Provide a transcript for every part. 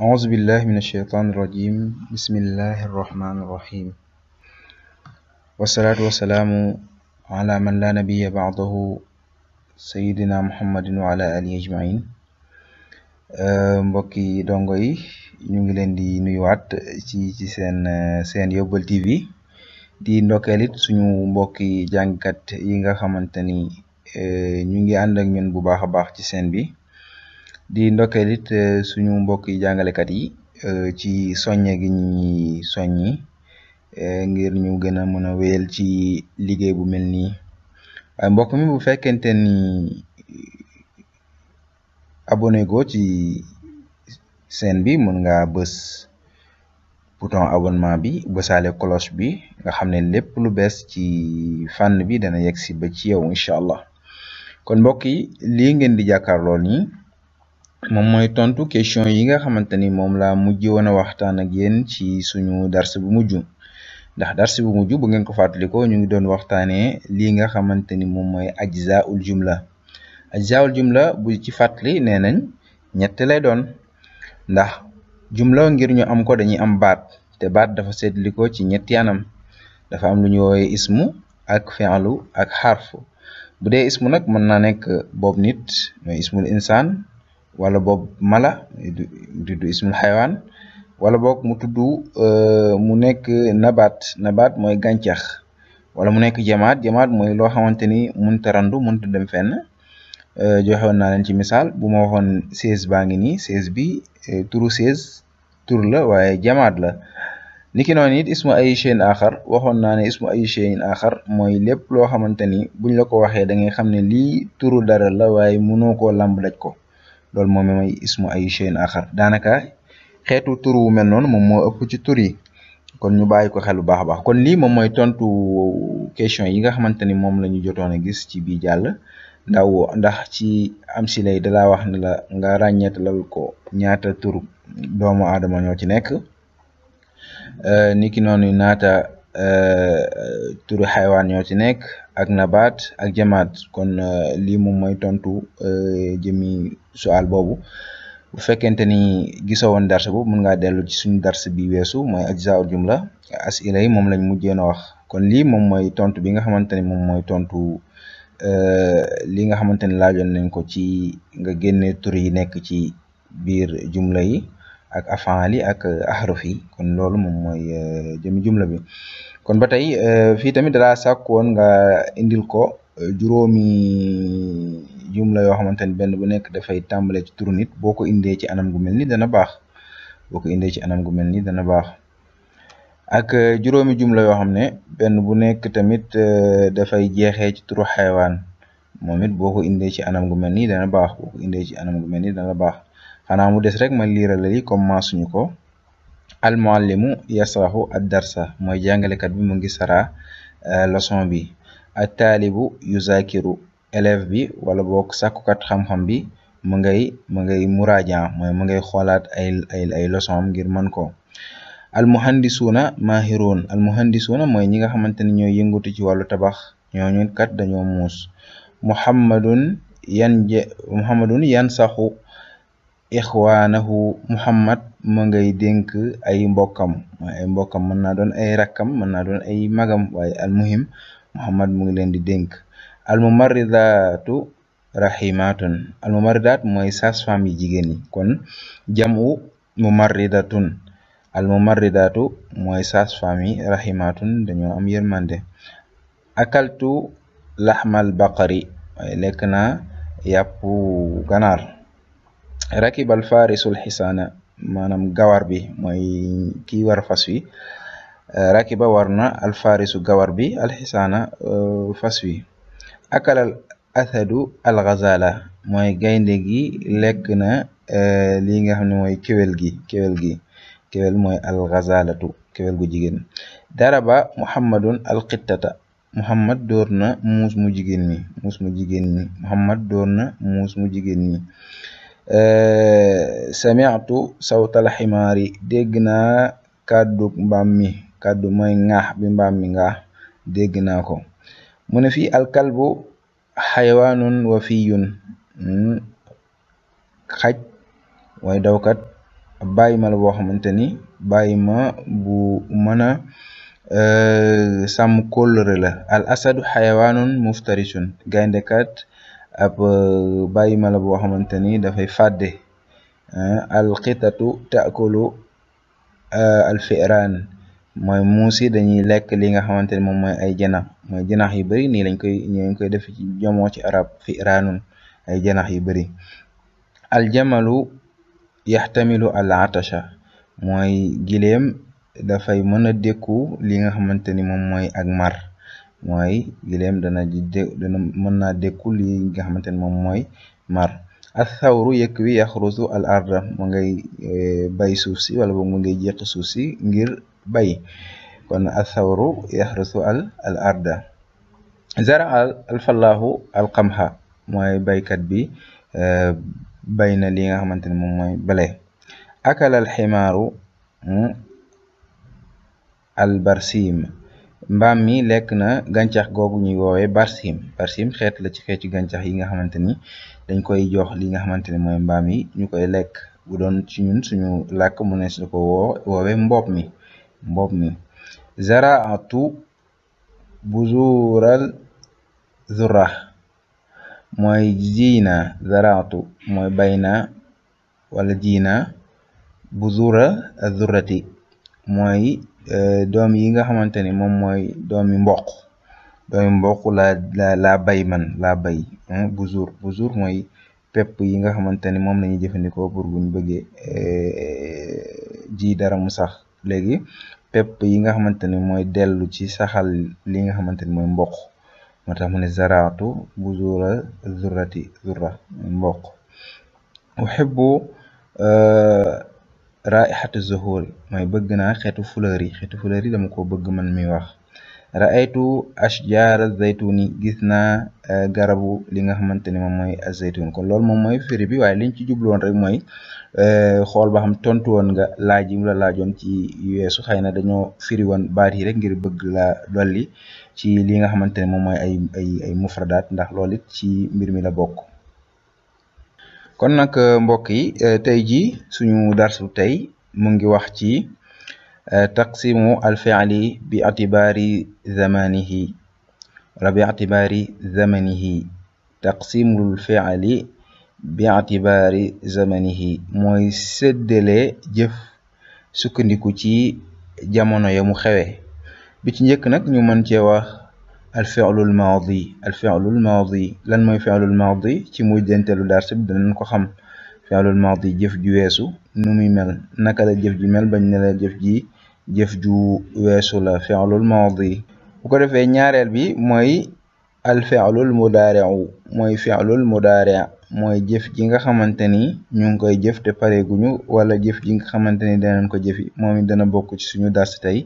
أعوذ بالله من الشيطان الرجيم بسم الله الرحمن الرحيم والصلاة والسلام على من لا نبي بعده سيدنا محمد وعلى آله أجمعين yi ñu ngi leen di nuyuwaat ci ci seen seen Yóbbal TV di ndokkeel suñu suñu mbokki jàngkat yi nga xamante ni ñu ngi ànd ak ñun bu baax a baax ci seen bi di ndokkeel it eh, suñu mbokk yi jàngalekat yi eh, ci soññe gi ñuy soññi eh, ngir ñu gën a mën a wéyal ci liggéey bu mel nii waaye mbokk mi bu fekkente ni abonné go ci seen bi mën nga bës bouton abonnement bi bësaale cloche bi nga xam ne lépp lu bees ci fànn bi dana yegg si ba ci yow incha allah kon mbokk yi lii ngeen di jàkkaarloo nii moom mooy tontu question yi nga xamante ni moom laa mujj woon waxtaan ak yéen ci suñu dars bu mujj ndax dars bu mujj bu ngeen ko fàttalikoo ñu ngi doon waxtaanee lii nga xamante ni moom mooy ajzaul jumla ajzaul jumla bu ci fàttali nee nañ ñett lay doon ndax jumla ngir ñu am ko dañuy am baat te baat dafa seetlikoo ci ñetti anam dafa am lu ñu woowee ismu ak fi'lu ak xarf bu dee ismu nag mën naa nekk boobu nit mooy ismul insaan wala boobu mala mu tudd ismul xayawaan wala boog mu tudd euh, mu nekk nabaat nabaat mooy gàncax wala mu nekk jamaat jamaat mooy loo xamante ni mënta randu mënta dem fenn euh, joxe woon naa leen ci misaal bu ma waxoon seize baa ngi nii seize bi euh, turu seize tur la waaye jamaat la niki noonu it ismu ay cheyin axar waxoon naa ne ismu ay cheyin axar mooy lépp loo xamante ni buñ la ko waxee da ngay xam ne lii turu dara la waaye mënoo ko làmb daj ko loolu moom mooy ismu ay shay'in axar daanaka xeetu tur wu mel noon moom moo ëpp ci tur yi kon ñu bàyyi ko xel baax a baax kon lii moom mooy tontu question yi nga xamante ni moom lañu ñu jotoon a gis ci bii jàll ndaw ndax ci am si lay dalaa wax ne la nga lal ko ñaata tur doomu aadama ñoo ci nekk niki noonu naata. Euh, turi xayawaan ñoo ci nekk ak nabaat ak jamaat kon euh, lii moom mooy tontu euh, jëmi sual boobu bu fekkente ni gisoo woon dars bu mun ngaa dellu ci suñu dars bi weesu mooy ajzaul jumla asila yi moom lañ mujjee na wax kon lii moom mooy tontu bi nga xamante ni moom mooy tontu li nga xamante ni laajoon nañ ko ci nga génne tur yi nekk ci biir jumla yi ak afaal yi ak euh, ahruf yi kon loolu moom mooy euh, jëmi jumla bi kon ba tey euh, fii tamit dalaa sàkk woon nga indil ko juróomi jumla yoo xamante ni benn bu nekk dafay tàmbale ci turu boo ko indee ci anam gu mel ni dana baax boo ko indee ci anam gu mel ni dana baax ak juróomi jumla yoo xam ne benn bu nekk tamit dafay jeexee ci turu xayawaan moom it boo ko indee ci anam gu mel nii dana baax boo ko indee ci anam gu mel nii dana baax xanaa mu des rek ma liirala li comme maasuñu ko al muallimu yasrahu ad darsa mooy jàngalekat bi mu ngi sara euh, leçon bi at taalibu yuzakiru élève bi wala boog sàkkukat xam-xam bi mu ngay mu ngay muraajan mooy mu ngay xoolaat ay ay ay ngir mën ko al muhandisuuna mahiruun al muhandisuuna mooy ñi nga xamante ni ñooy yëngatu ci wàllu tabax ñooñu kat dañoo muus muhammadun yan je muhammadun yan saxu ixwaanahu muhammad ma ngay dénk ay mbokkam mooy ay mbokkam mën naa doon ay rakkam mën naa doon ay magam almuhim muhammad mu ngi leen di dénk almumarridaatu rahimatun almumarridaat mooy sage-femme yi jigéen yi kon jamu mumarridatun almumarridaatu mooy sage-femme yi rahimatun dañoo am yërmande akaltu laxmal baqari waaye lekk naa yàppu ganaar rakibal farisul xisaana maanaam gawar bi mooy ki war fas wi rakiba war na alfarisu gawar bi alxisaana euh, fas wi akalal athadu algazala mooy gaynde gi lekk na euh, lii nga xam ne mooy kéwél gi kéwél gi kéwél mooy algazalatu kéwél gu jigéen daraba muhammadun alqittata muhammad dóor na muus mu jigéen mi muus mu jigéen mi muhammad dóor na muus mu jigéen mi Eh, sami'tu sawtal ximaari dégg naa kàddu mbaam mi kàddu mooy ŋaax bi mbaam mi ŋaax dégg naa ko mu ne fii alkalbu xayawaanun wafiyun hmm, xaj mooy dawkat bàyyi ma la boo xamante ni bàyyi ma bu mën a eh, sàmm kóllëre la al asadu xayawaanun muftarisun gayndekat ab euh, bàyyi ma la boo xamante ni dafay fàdde al taakulu euh, alfiraan mooy muus yi dañuy lekk li nga xamante ni moom mooy ay janax mooy janax yu bëri nii lañ koy nii lañ koy def jomoo ci arab firaanun ay janax yu bëri jamalu yaxtamilu al atasha mooy gileem dafay mën a dékku li nga xamante ni moom mooy ak mar mooy gileem dana ji dana mën naa dékku li nga xamante ne moom mooy mar alxawru yëkk wi yaxrusu al arda mu ngay eh, bay suuf si wala boog mu ngay jeqi suuf si ngir bay kon alxawru yaxrusu al al arda zara alfallaahu mooy baykat bi eh, bay na lii nga xamante ne moom mooy bale akala alximaaru hmm, albarsim mbaam mi lekk na gàncax googu ñuy woowee barsim barsim xeet la ci xeetu gàncax yi nga xamante ni dañ koy jox li nga xamante ni mooy mbaam yi ñu koy lekk bu doon ci ñun suñu làkk mu ne su ko woo woowee mboob mi mboob mi zaraatu buzuural zura mooy jiina zaraatu mooy bay naa wala jiina buzura zurati mooy Euh, doom yi nga xamante ni moom mooy doomi mboq doomi mboq laa la laa bay man laa bay busuur busuur mooy pepp yi nga xamante ni moom la ñuy jëfandikoo pour buñ bëggee euh, ji dara mu sax léegi pepp yi nga xamante ni mooy dellu ci saxal li nga xamante ni mooy mboq moo tax mu ne zaraatu buzuura zurrati zurra mboq euh, xat zuhuri mooy bëgg naa xeetu fleur yi xeetu fleur yi dama ko bëgg man mi wax raaytu ashjaara zaytuni gis naa eh, garabu li nga xamante ni moom mooy azaytun kon lool moom mooy firi bi waaye liñ ci jubloon rek mooy eh, xool ba xam tontu woon nga laaj yi la laajoon ci weesu xëy na dañoo firi woon baat yi rek ngir bëgg la dolli ci li nga xamante ne moom mooy ay ay ay mufradaat ndax loolu it ci mbir mi la bokk kon nag euh, mbokk yi euh, tey jii suñu darsu tey mu ngi wax ci euh, taqsimu alfiali bi atibaari zamanihi wala bi atibaari zamanihi taqsimul fiali bi atibaari zamanihi mooy séddale jëf sukkandiku ci jamono ya mu xewe bi ci njëkk nag ñu mën cee wax al fi'lul maadi al fi'lul lan mooy fi'lul maadi ci mujjanteelu dars bi danañ ko xam fi'lul maadi jëf ju weesu nu muy mel naka la jëf ji mel bañ ne la jëf ji jëf ju weesu la fi'lul maadi bu ko defee ñaareel bi mooy al fi'lul mudaari'u mooy fi'lul mudaari' mooy jëf ji nga xamante ni ñu ngi koy jëf te pareeguñu wala jëf ji nga xamante ni danañ ko jëfi moom it dana bokk ci suñu dars tey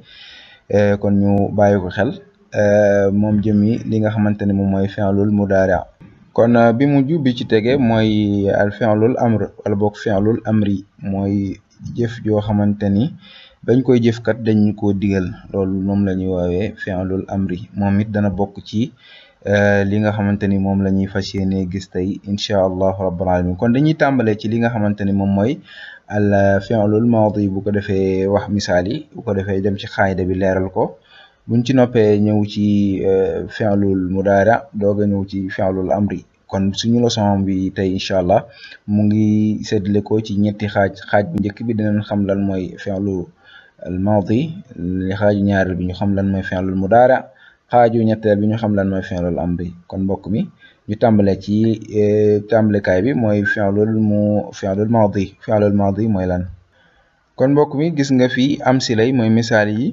eh, kon ñu bàyyi ko xel Euh, moom jëmi li nga xamante ne moom mooy fi'lul mudaari kon euh, bi mu bi ci tege mooy al fi'lul amr wala boog fi'lul amri mooy jëf joo xamante ni bañ koy jëfkat dañ ñu koo digal loolu moom la ñuy woowee fi'lul amri moom it dana bokk ci euh, li nga xamante ni moom la ñuy fas yéene gis tey incha allahu rabbal alamin kon dañuy tàmbalee ci li nga xamante ni moom mooy al fi'lul maadi bu ko defee wax misaal yi bu ko defee dem ci xaayda bi leeral ko buñ ci noppee ñëw ci euh, fi'lul mudaara doog a ñëw ci fi'lul amri kon suñu leçon bi tey incha allah mu ngi séddale ko ci ñetti xaaj xaaj bu njëkk bi dinañ xam lan mooy fi'lu al maadi li ñaareel bi ñu xam lan mooy fi'lul mudaara xaaju ñetteel bi ñu xam lan mooy fi'lul amri kon mbokk mi ñu tàmbale ci euh, tàmbalekaay bi mooy fi'lul mu fi'lul maadi fi'lul maadi mooy lan kon yi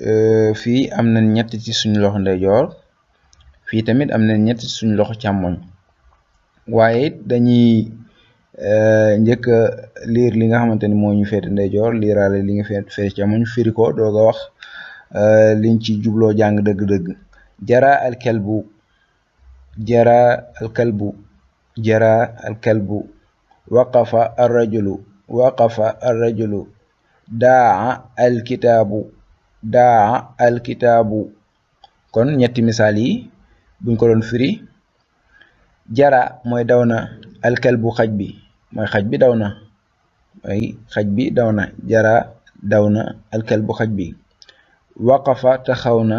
Euh, fii am na ñett ci suñu loxo ndeyjoor fii tamit am na ñetti ci suñu loxo càmmoñ waaye dañuy euh, njëkk liir li nga xamante ni moo ñu féete ndeyjoor liiraale li nga féete càmmoñ firi ko doog wax euh, liñ ci jubloo jàng dëgg-dëgg jara alkalbu jara alkalbu jara alkalbu waqafa arrajulu waqafa arrajulu daa daa alkitaabu kon ñetti misaal yi buñ ko doon firi jara mooy daw na alkalbu xaj bi mooy xaj bi daw na xaj bi daw na jara daw na alkalbu xaj bi waqafa taxaw na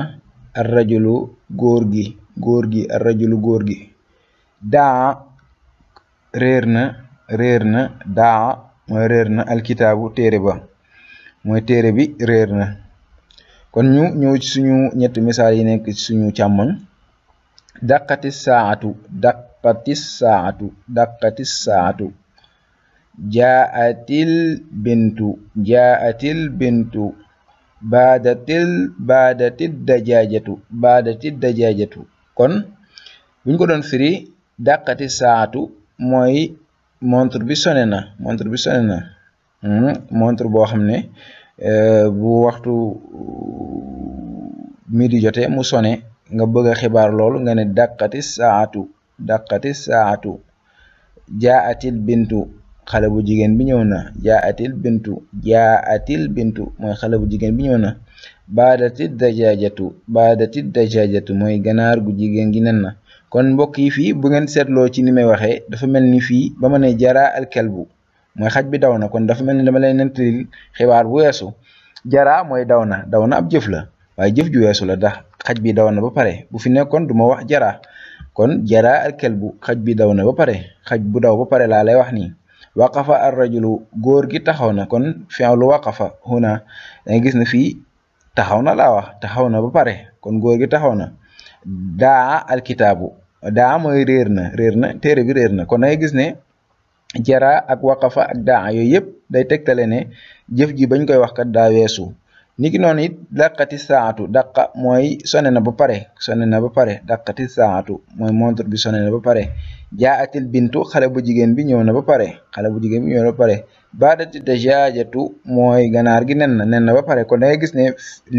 arrajulu góor gi góor gi arrajulu góor gi daa réer na réer na daa mooy na alkitaabu téere ba mooy téere bi réer na kon ñu ñëw ci suñu ñetti misaal yi nekk ci suñu càmmoñ daqati saatu daqati saatu daqati saatu jaatil bintu jaatil bintu baadatil baadati dajaajatu baadati dajaajatu kon buñ ko doon firi daqati saatu mooy montre bi sone na montre bi sone na hmm, montre boo xam ne Euh, bu waxtu euh, midi jote mu sone nga bëgg a xibaar loolu nga ne dàqati saatu dàqati saatu jaa atil bintu xale bu jigéen bi ñëw na jaa atil bintu jaa atil bintu mooy xale bu jigéen bi ñëw na baadati dajaajatu baadati dajaajatu mooy ganaar gu jigéen gi nen na kon mbokk yi fii bu ngeen seetloo ci ni may waxee dafa mel ni fii ba ma ne jaraa alkelbu mooy xaj bi daw na kon dafa mel ni dama leen nettalil xibaar bu weesu jaraa mooy daw na daw na ab jëf la waaye jëf ju weesu la ndax xaj bi daw na ba pare bu fi nekkoon du ma wax jara kon jaraa al kelbu xaj bi daw na ba pare xaj bu daw ba pare laa lay wax nii waqafa ar rajulu góor gi taxaw na kon fi'lu waqafa huna danga gis na fii taxaw na laa wax taxaw na ba pare kon góor gi taxaw na daa al kitaabu daa mooy réer na réer na téere bi réer na kon dangay gis ne jara ak fa ak daa yooyu yëpp day tegtale ne jëf ji bañ koy wax kat daa weesu niki noonu it dàqati saatu dàqa mooy sone na ba pare sone na ba pare dàqati saatu mooy montre bi sone na ba pare jaatil bintu xale bu jigéen bi ñëw na ba pare xale bu jigéen bi ñëw na ba pare baadati dajaajatu mooy ganaar gi nen na nen na ba pare kon dangay gis ne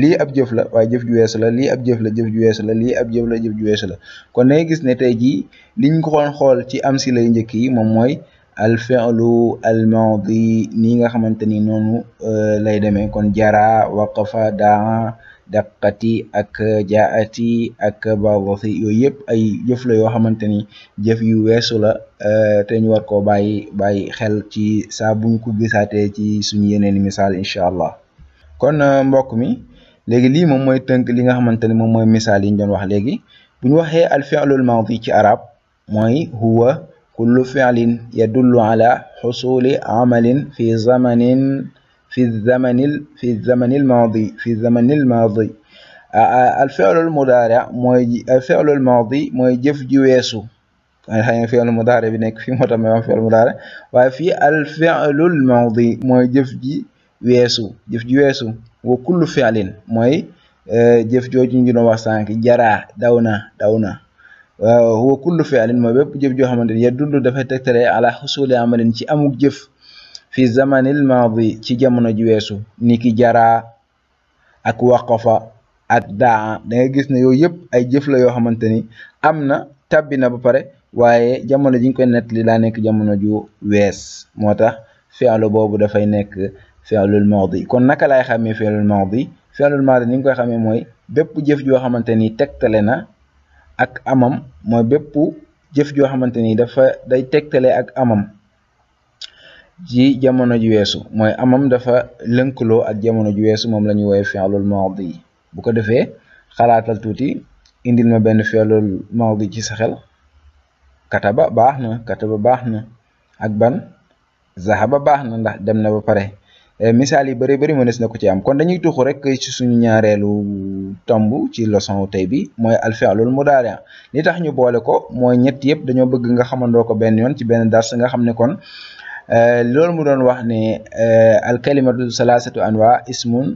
lii ab jëf la waaye jëf ju weesu la lii ab jëf la jëf ju weesu la lii ab jëf la jëf ju weesu la kon dangay gis ne tey jii liñ ko xool ci am si lay njëkk yi moom mooy al fi'lu al maadi nii nga xamante ni noonu euh, lay demee kon jara waqafa daa daqati ak jaati ak baadati yooyu yëpp ay jëf la yoo xamante ni jëf yu weesu la euh, te ñu war koo bàyyi bàyyi xel ci saa buñ ko gisaatee ci suñu yeneen misaal incha allah kon euh, mbokk mi léegi lii moom mooy tënk li nga xamante ni moom mooy misaal yi doon wax léegi bu ñu waxee al fi'lul maadi ci arab mooy huwa kullu fi'lin yadullu ala xusuli amalin fi zamanin fi zamanil fi zamanil maadi fi zamanil maadi alfi'lul mudaari mooy alfi'lul maadi mooy jëf ji weesu xëy na fi'lul mudaari bi nekk fii moo tax may wax fi'lul mudaari waaye fii alfi'lul maadi mooy jëf ji weesu jëf ji weesu wa kullu fi'lin mooy eh, jëf jooju ñu doon wax sànq jaraa daw na daw na huwa kullu fi'lin ma bépp jëf joo xamante ni yadullu dafay tegtale ala xusuli amalin ci amuk jëf fi zamanil maadi ci jamono ji weesu niki jara ak waqafa ak daa da nga gis ne yooyu yëpp ay jëf la yoo xamante ni am na tabbi na ba pare waaye jamono ji ñu koy nettali daa nekk jamono ju wees moo tax fi'lu boobu dafay nekk fi'lul maadi kon naka laay xamee fi'lul maadi fi'lul maadi ni nga koy xamee mooy bépp jëf joo xamante ni tegtale na ak amam mooy bépp jëf joo xamante ni dafa day tegtale ak amam ci jamono ju weesu mooy amam dafa lënkaloo ak jamono ju weesu moom lañuy ñuy woowee fi'lul maadi bu ko defee xalaatal tuuti indil ma benn fi'lul maadi ci sa xel ba baax na kataba baax na ak ban ba baax na ndax dem na ba pare Euh, misaal yi bëri bëri mënees na ko ci am kon dañuy tuxu rek ci suñu ñaareelu tomb ci leçon tey bi mooy alfi'lul mudaari li tax ñu boole ko mooy ñett yëpp dañoo bëgg nga xamandoo ko benn yoon ci benn dars nga xam ne kon euh, loolu mu doon wax ne euh, al kalimatu salaasatu anwa ismun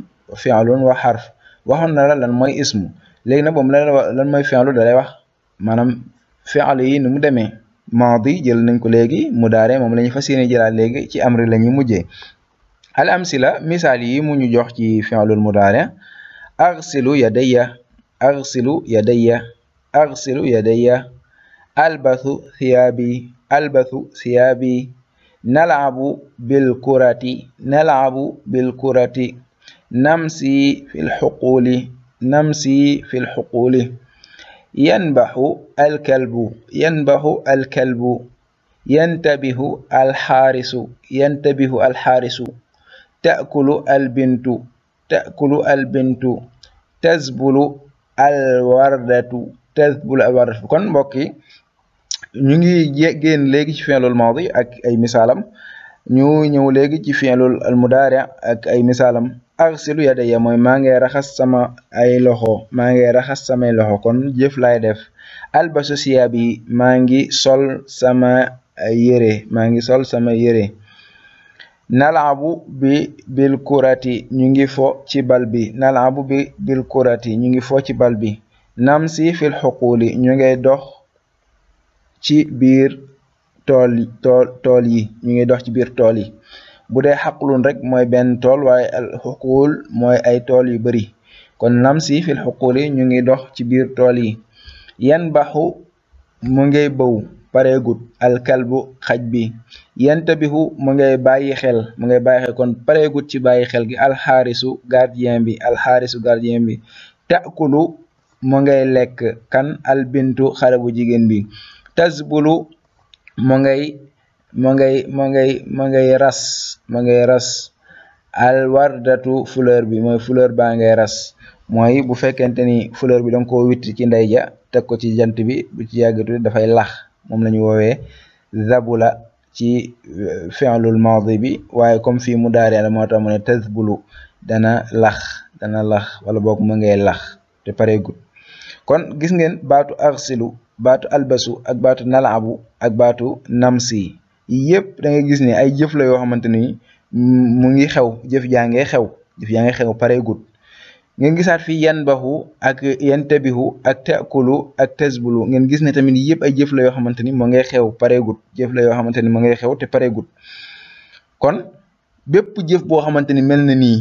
fi'lun wa xarf waxoon na la lan mooy ismu léegi nag moom la lan mooy fi'lu dalay wax maanaam fi'l yi nu mu demee maadi jël nañ ko léegi mudaare moom la ñu fas yéene jëlaat léegi ci amri la ñuy mujjee al amsila misaal yi mu ñu jox ci fi'lul mudaari agsilu yadayya agsilu yadayya agsilu yadayya albathu thiyaabi albathu thiyaabi nalaabu bilkurati nalaabu bilkurati namsi fi lxuquuli namsi fi lxuquuli yanbaxu alkalbu yanbaxu alkalbu yantabihu alxaarisu yantabihu alxaarisu taakulu albintu taakulu albintu tasbulu alwardatu tasbulu alwardatu kon mbokk yi ñu ngi génn léegi ci fi'lul maadi ak ay misaalam ñu ñëw léegi ci fi'lul almudaari ak ay misaalam arsilu yadaya mooy maa ngay raxas sama ay loxo maa ngay raxas samay loxo kon jëf laay def albasu siyaab yi maa ngi sol sama yére maa ngi sol sama yére nalaabu bi bil kurati ñu ngi fo ci bal bi ñu ngi fo ci bal bi namsi fil xuquuli ñu ngay dox ci biir tool yi ñu ngi dox ci biir tool yi bu dee xaqlun rek mooy benn tool waaye al xuquul mooy ay tool yu bari kon namsi fil xuquuli ñu ngi dox ci biir tool yi yan baxu mu ngay bëw pareegut alkalbu xaj bi yantabihu mu ngay bàyyi xel mu ngay bàyyi xel kon pareegut ci bàyyi xel gi alxaarisu gardien bi alxaarisu gardien bi takulu mu ngay lekk kan albintu xale bu jigéen bi tasbulu mu ngay mu ngay mu ngay mu ngay ras mu ngay ras alwardatu fleur bi mooy fleur baa ngay ras mooy bu fekkente ni fleur bi danga ko witt ci ndey ja teg ko ci jant bi bu ci yàggatu dafay lax moom la woowee zabula ci euh, fi'lul maadi bi waaye comme fii mudaari la moo tax mu ne tasbulu dana lax dana lax wala boog mu ngay lax te pareegul kon gis ngeen baatu arsilu baatu albasu ak baatu nalaabu ak baatu namsi yi yëpp da ngay gis ne ay jëf la yoo xamante ni mu ngi xew jëf jaa ngay xew jëf jaa ngay xew pareegul ngeen gisaat fii yan baxu ak yan tabihu ak taakulu ak tasbulu ngeen gis ne tamit yëpp ay jëf la yoo xamante ni moo ngay xew pareegut jëf la yoo xamante ni moo ngay xew te pareegut kon bépp jëf boo xamante ni mel na nii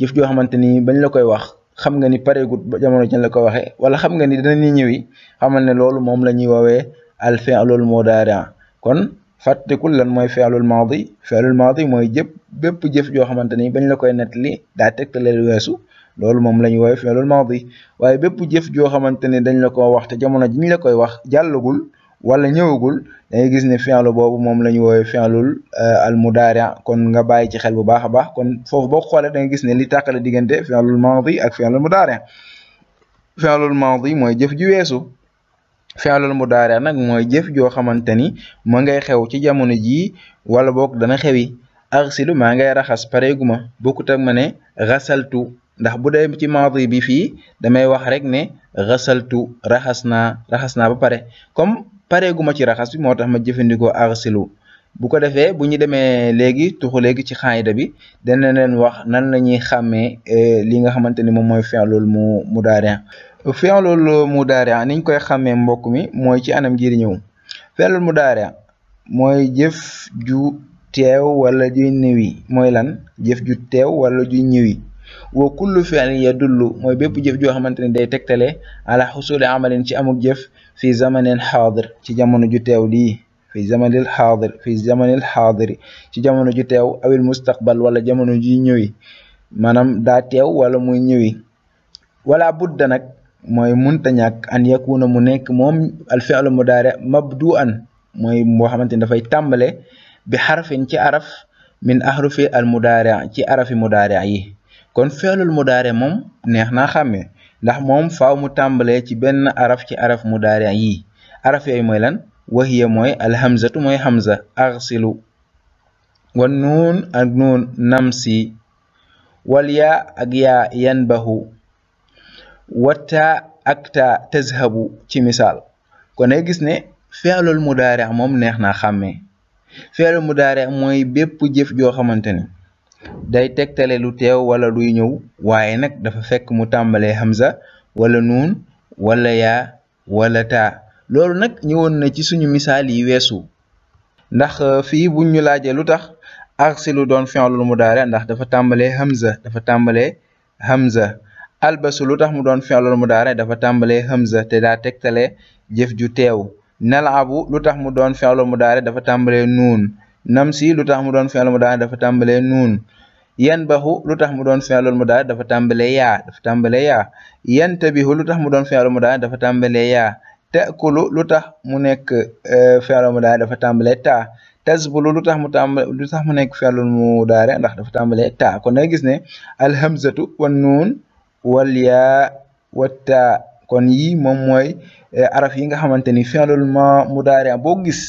jëf joo xamante ni bañ la koy wax xam nga ni pareegut ba jamono jën la ko waxee wala xam nga ni dina danañu ñëwi xamal ne loolu moom la ñuy woowee al fi'lul mudaari kon fàttekul lan mooy fi'lul maadi fi'lul maadi mooy jëpp bépp jëf joo xamante ni bañ la koy nettali daa tegtale weesu loolu moom la ñu woowee fi'lul maadi waaye bépp jëf joo xamante ne dañ la ko wax te jamono ji ñu la koy wax jàllagul wala ñëwagul dangay gis ne fi'lu boobu moom la ñu woowee fi'lul eh, al mudaari kon nga bàyyi ci xel bu baax a baax kon foofu boo xoolee da nga gis ne li tàqale diggante fi'lul maadi ak fi'lul mudaari fi'lul maadi mooy jëf ji weesu mu mudaari nag mooy jëf joo xamante ni ma ngay xew ci jamono jii wala boog dana xewi arsilu maa ngay raxas pareeguma bokkut ak ma ne rasaltu ndax bu dee ci maadi bi fii damay wax rek ne xasaltu raxas naa raxas naa ba pare comme pareeguma ci raxas bi moo tax ma jëfandikoo arsilu bu ko defee bu ñu demee léegi tuxu léegi ci xaayida bi dana leen wax nan la ñuy xàmmee eh, li nga xamante ni moom mooy fi'lul mu mudaari' fi'lul mudaari' niñ koy xàmmee mbokk mi mooy ci anam gii di ñëw fi'lul mooy jëf ju teew wala ju ñëwi mooy lan jëf ju teew wala ju ñëwi wa kullu fi'lin yadullu mooy bépp jëf joo xamante ne day tegtale ala xusuli amalin ci amuk jëf fi zamanin xaadir ci jamono ju teew lii fi zamanil xaadir fi zamanil xaadiri ci jamono ju teew awil mustaqbal wala jamono ji ñëwi maanaam daa teew wala muy ñëwi wala budda nag mooy munta ñàkk an yakuna mu nekk moom al fi'lu mudaari mabdu an mooy boo xamante ne dafay tàmbale bi xarfin ci araf min ahrufi al mudaari ci arafi mudaari yi kon feelul mudaare moom neex na xàmme ndax moom faaw mu tàmbalee ci benn araf ci araf mudaare yi araf yooyu mooy lan waxiya mooy alhamzatu mooy hamza arsilu wan nuun ak nuun namsi wal yaa ak yaa yanbahu wataa ak taa tazhabu ci misaal kon ay gis ne feelul mudaare moom neex naa xàmme feelul mudaare mooy bépp jëf joo xamante ni day tegtale lu teew wala luy ñëw waaye nag dafa fekk mu tàmbalee hamza wala nuun wala yaa wala taa loolu nag ñëwoon na ci suñu misaal yi weesu ndax euh, fii bu ñu laajee lu tax lu doon mu daare ndax dafa tàmbalee hamza dafa tàmbalee hamza albasu lu tax mu doon mu mudaare dafa tàmbalee hamza te daa tegtale jëf ju teew nalabu lu tax mu doon mu daare dafa tàmbalee nuun nam si lu tax mu doon fi'il mudaari dafa tàmbalee nuun yan baxu lu tax mu doon fi'il mudaari dafa tàmbalee yaa dafa tàmbalee yaa yantabihu lu tax mu doon fi'il mudaari dafa tàmbalee yaa takulu lu tax mu nekk eh, fi'il mudaari dafa tàmbalee ta tasbulu lu tax mu lu tax mu nekk fi'il mudaari ndax dafa tàmbalee ta kon nag gis ne alhamzatu wan nuun wal yaa kon yi moom mooy eh, araf yi nga xamante ni fi'il mudaari boo gis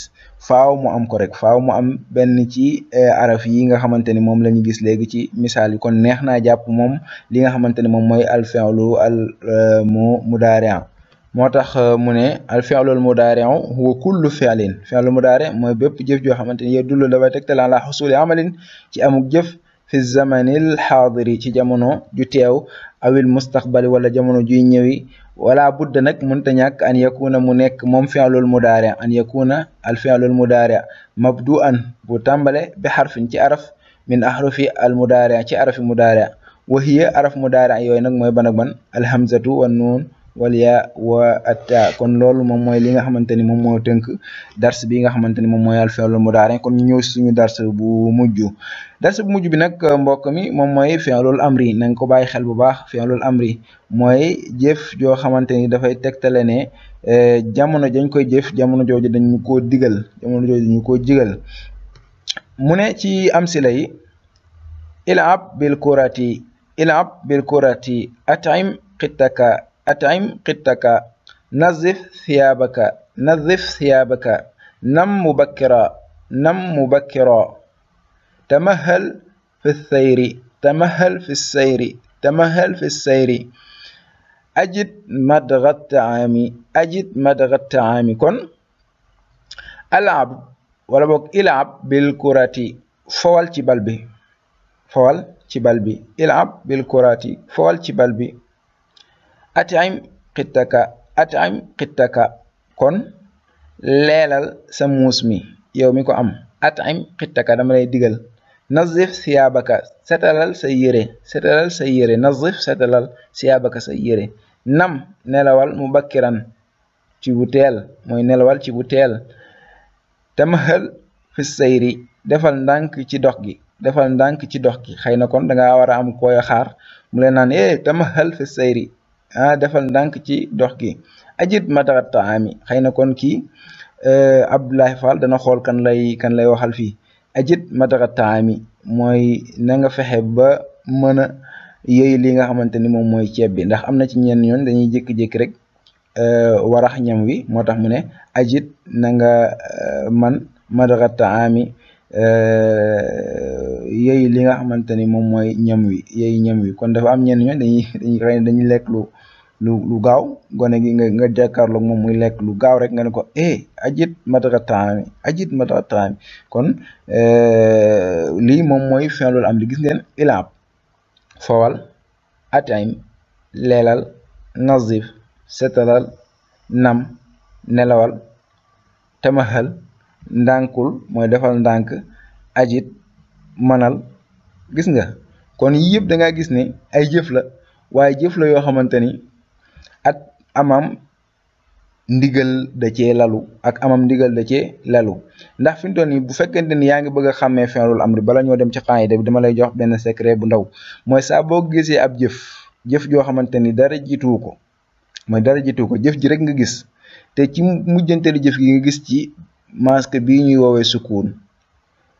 faaw mu am ko rek faaw mu am benn ci eh, araf yi nga xamante ni moom la ñu gis léegi ci misaal yi kon neex naa jàpp moom li nga xamante ni moom mooy al fi'lu eh, al mu mudaari'an moo tax eh, mu ne al fi'lu al mudaari'u huwa kullu fi'lin fi'lu mudaari' mooy bépp jëf joo xamante ni yadullu dafay tegtal ala xusuli amalin ci amuk jëf fi zamanil xaadiri ci jamono ju teew awil mustaqbali wala jamono juy ñëwi wala budda nag mënta ñàkk an yakuna mu nekk moom fi'lul mudaari an yakuna al fi'lul mudaari an bu tàmbale bi xarfin ci araf min ahrufi al mudaari ci arafi mudaari wa hiya araf mudaari yooyu nag mooy ban ak ban alhamzatu wan walyaa wa atta kon loolu moom mooy li nga xamante ni moom moo tënk dars bi nga xamante ni moom mooy al fi'lu mudaari kon ñu ñëw si suñu dars bu mujj dars bu mujj bi nag mbokk mi moom mooy fi'lul amri na nga ko bàyyi xel bu baax fi'lul amri mooy jëf joo xamante ni dafay tegtale ne eh, jamono dañ koy jëf jamono jooju dañu ko digal jamono jooju dañu koo jigal mu ne ci amsila yi ilab bil kurati ilab bil kurati at'im qittaka أطعم قطك نظف ثيابك نظف ثيابك نم مبكرا نم مبكرا تمهل في السير تمهل في السير تمهل في السير أجد مدغ الطعام أجد مدغ الطعام كن ألعب wala boog ilaab bil kurati fowal ci bal bi fowal ci bal bi ilaab bil kurati fowal ci bal bi atim xittaka atim xittaka kon leelal sa muus mi yow mi ko am atim xittaka dama lay digal nazif siyaabaka setalal sa yére setalal sa yére nazif setalal siyaabaka sa yére nam nelawal mu bakkiran ci bu teel mooy nelawal ci bu teel tamaxal fi sayri defal ndànk ci dox gi defal ndànk ci dox gi xëy na kon danga war a am koy xaar mu leen naan eh tamaxal fi sayri defal ndànk ci dox gi ajit matarat taami xëy na kon ki eh, Abdoulaye Fall dana xool kan lay kan lay waxal fii ajit matarat taami mooy na nga fexe ba mën a yooyu li nga xamante ni moom mooy ceeb bi ndax am na ci ñen yoon dañuy jékki-jékki rek eh, warax ñam wi moo tax mu ne ajit na nga eh, man madara taami Euh, yey li nga xamante ni moom mooy ñam wi yey ñam wi kon dafa am ñenn ñoo dañuy dañuy xëy na lu lu gaaw gone gi nga nga jàkkaarloog moom muy lekk lu gaaw rek nga ne ko eh ajit matara taami ajit matara taami kon euh, lii moom mooy fin loolu am li gis ngeen ilaab fowal ataym leelal nazif setalal nam nelawal tamahal ndànkul mooy defal ndànk ajit manal gis nga kon yii yëpp danga gis ne ay jëf la waaye jëf la yoo xamante ni ak amam ndigal da cee lalu ak amam ndigal da cee lalu ndax fi mu toll nii bu fekkente ni yaa ngi bëgg a xàmmee fi'lul amri bala ñoo dem ci qaayida bi dama lay jox benn secret bu ndaw mooy saa boo gisee ab jëf jëf joo xamante ni dara jiitu ko mooy dara jiitu ko jëf ji rek nga gis te ci mujjantelu jëf gi nga gis ci masque bii ñuy woowee sukuun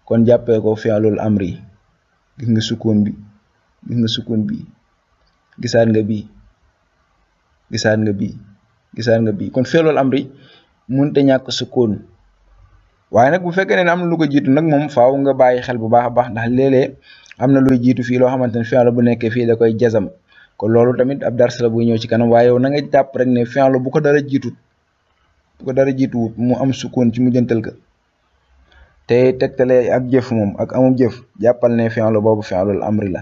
kon jàppee ko fialul amri gis nga sukuun bi gis nga bi gisaat nga bi gisaat nga bi gisaat nga bi kon fialul amri mun te ñàkk sukuun waaye nag bu fekkee ne am na lu ko jiitu nag moom faaw nga bàyyi xel bu baax a baax ndax léeg-léeg na luy jiitu fii loo xamante ne fi'lu bu nekkee fii da koy jazam kon loolu tamit ab dars la ñëw ci kanam waaye yow na nga jàpp rek ne fi'lu bu ko dara jiitut bu ko dara jiituwut mu am sukkoon ci mujjantal ga te tegtale ak jëf moom ak amum jëf jàppal ne fi'lu boobu fi'lul amri la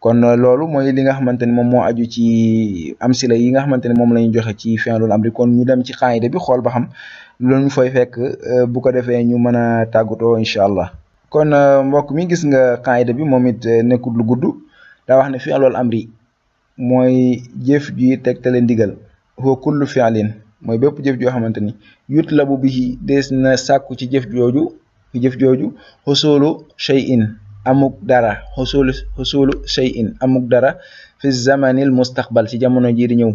kon euh, loolu mooy li nga xamante ni moom moo aju ci am sila yi nga xamante ne moom la ñu joxe ci fi'lul amri kon ñu dem ci qaayida bi xool ba xam loolu ñu fay fekk euh, bu ko defee ñu mën a tàggatoo incha allah kon euh, mbokk mi gis nga qaayida bi moom it nekkul lu gudd daa wax ne fi'lul amri mooy jëf ji tegtale ndigal huwa kullu fi'lin mooy bépp jëf joo xamante ni yutlabu bihi des na sàkku ci jëf jooju jëf jooju xosóolu shay in amuk dara xosóolu xosóolu shay in amuk dara fi zamanil mustaqbal ci jamono jii di ñëw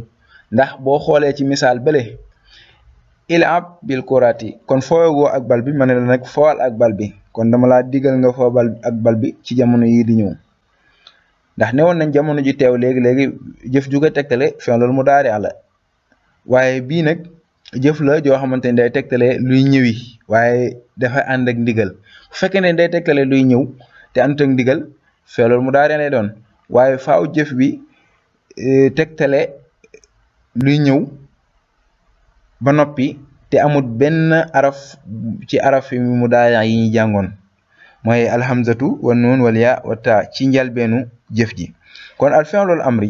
ndax boo xoolee ci misaal bële ilaab bil kuraati kon foowegoo ak bal bi ma ne la nag ak bal bi kon dama laa digal nga foo bal ak bal bi ci jamono yii di ñëw ndax newoon nañ jamono ji teew léegi-léegi jëf ju ko tegtale fin mu daari àla waaye bii nag jëf la joo xamante ni day tegtale luy ñëwi waaye dafa ànd ak ndigal bu fekkee ne day tegtale luy ñëw te ànd ak ndigal fee mu daa reen lay doon waaye faaw jëf bi e, tegtale luy ñëw ba noppi te amut benn araf ci araf yi mu daa yi ñuy jàngoon mooy alhamzatu wa nuun wal ci njalbeenu jëf ji kon al fi'lul amri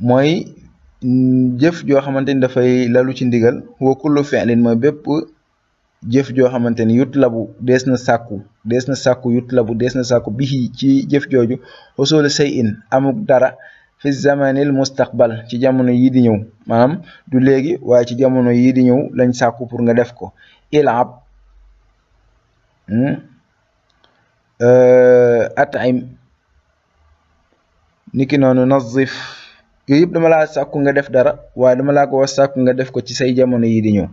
mooy jëf joo xamante ni dafay lalu ci ndigal wa kullu fi'lin mooy bépp jëf joo xamante ni yut labu dees na sàkku des na sàkku yut labu dees na sàkku bihi ci jëf jooju usulu shay'in amuk dara fi zamanil mustaqbal ci jamono yii di ñëw maanaam du léegi waaye ci jamono yii di ñëw lañ sàkku pour nga def ko ilab hmm? euh, at'im niki nazif yooyu yëpp dama la sàkku nga def dara waaye dama laa ko wax nga def ko ci say jamono yi di ñëw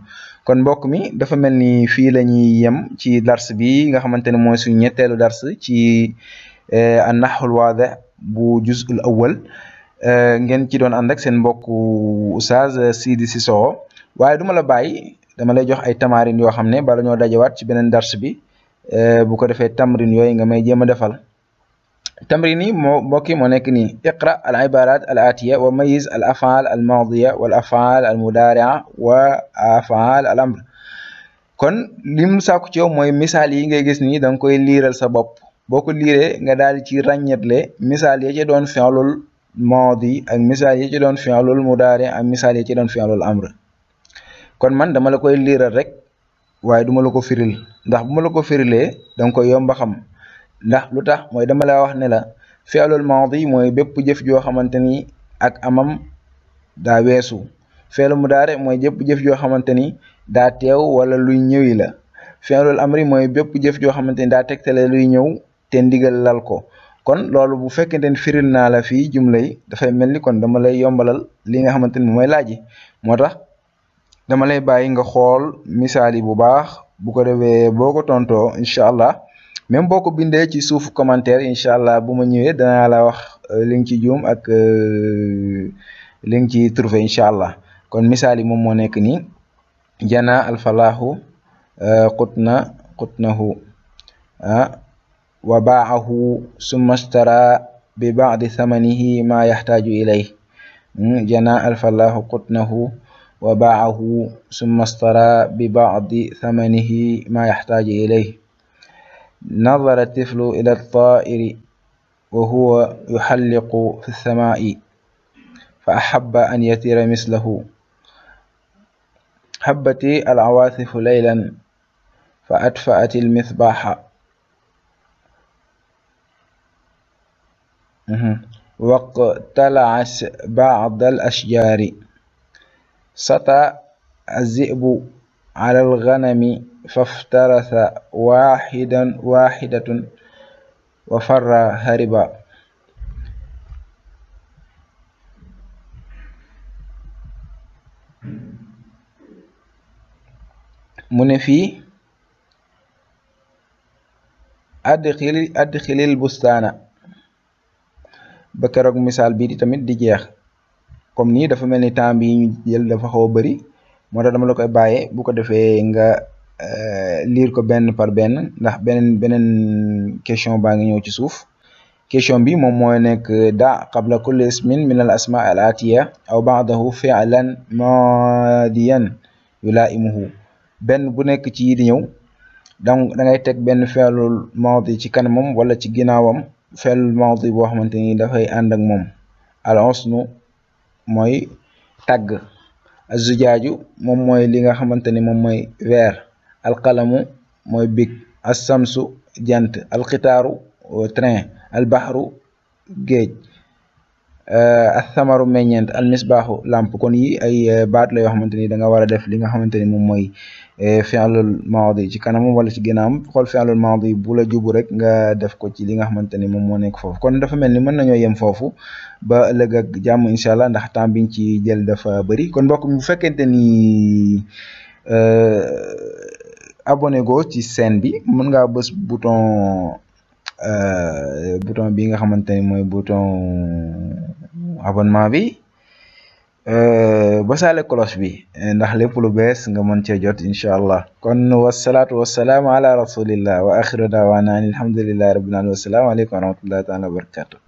kon mbokk mi dafa mel ni fii la ñuy yem ci dars bi nga xamante ne mooy suñu ñetteelu dars ci eh, an-nahul waadih bu juz'ul awwal eh, ngeen ci doon ànd ak seen mbokk Oustaz Sidi Cissokho waaye duma la bàyyi dama lay jox ay tamarin yoo xam ne bala ñoo dajewaat ci beneen dars bi eh, bu ko defee tamarin yooyu nga may jéem a defal tamrin mo moo bokki moo nekk nii iqra al ibarat al atiya wa mayiz al afaal al maadiya wal afaal al mudaria wa afaal al amr kon lim sàkku ci yow mooy misaal yi ngay gis nii da koy liiral sa bopp boo ko liiree nga daal ci ràññetle misaal ya ci doon fi'lul maadi ak misaal ya ci doon fi'lul mudaari ak misaal ya ci doon fi'lul amr kon man dama la koy liiral rek waaye duma la ko firil ndax bu ma la ko firilee da nga koy yomba xam ndax lu tax mooy dama la wax ne la fi'lul maadi mooy bépp jëf joo xamante ni ak amam daa weesu fi'lu mudaare mooy bépp jëf joo xamante ni daa teew wala luy ñëwi la fi'lul amri mooy bépp jëf joo xamante ni daa tegtale luy ñëw te ndigal lal ko kon loolu bu fekkente ni firil naa la fii jumla yi dafay mel ni kon dama lay yombalal li nga xamante ni mooy laaj moo tax dama lay bàyyi nga xool misaal yi bu baax bu ko defee boo ko tontoo incha allah même boo ko bindee ci suuf commentaire incha allah bu ma ñëwee danaa la wax euh, li nga ci juum ak euh, li nga ci trouvé incha allah kon misaal yi moom moo nekk nii jana alfalaahu euh, qutna qutnahu ah wa baahu summa stara bi baadi thamanihi ma yaxtaaju ilay hmm, janaa alfalaahu qutnahu wa baahu summa stara bi baadi thamanihi ma yaxtaaju ilay نظر الطفل إلى الطائر وهو يحلق في السماء فأحب أن يطير مثله هبت العواصف ليلا فأطفأت المصباح واقتلعت بعض الأشجار سطى الذئب على الغنم فافترس واحدا واحدة وفر هربا mu ne fii adxili adxilil bustaana ba keroog misaal bii di tamit di jeex kom nii dafa mel ni temps yi ñu dafa xaw a moo tax dama la koy bàyyee bu ko defee nga euh, liir ko benn par benn ndax beneen beneen question baa ngi ñëw ci suuf question bi moom mooy nekk da qabla kulli ismin min al asma al atiya aw baadahu fi'lan madiyan yulaimuhu benn bu nekk ci yi di ñëw donc da ngay teg benn fi'lul maadi ci kanamam wala ci ginnaawam fi'lul maadi boo xamante ni dafay ànd ak moom al usnu mooy tàgg azujaaju moom mooy li nga xamante ni moom mooy weer alqalamu mooy big assamsu jant alxitaaru train albaxru géej Euh, athamaru meññeent almisbaaxu làmp kon yi ay euh, baat la yoo xamante ni da nga war a def li nga xamante ni moom mooy euh, fi'lul maadi ci kanamam wala ci ginnaawam xool fi'lul maadi bu la jubu rek nga def ko ci li nga xamante ni moom moo nekk foofu kon dafa mel ni mën nañoo yem foofu ba ëllëg ak jàmm incha allah ndax temps biñ ci jël dafa bari kon mbokk mi bu fekkente ni abonné go ci chaîne bi mën ngaa bës bouton bouton bi nga xamante ni mooy bouton abonnement bi euh, ba saale kolos bi ndax lépp lu bees nga mën cee jot incha allah kon wasalaatu wasalaamu ala rasulillah wa axiru daawaana an alhamdulillahi rabbil alamin wasalaamu aleykum wa rahmatullahi taala wa barakatu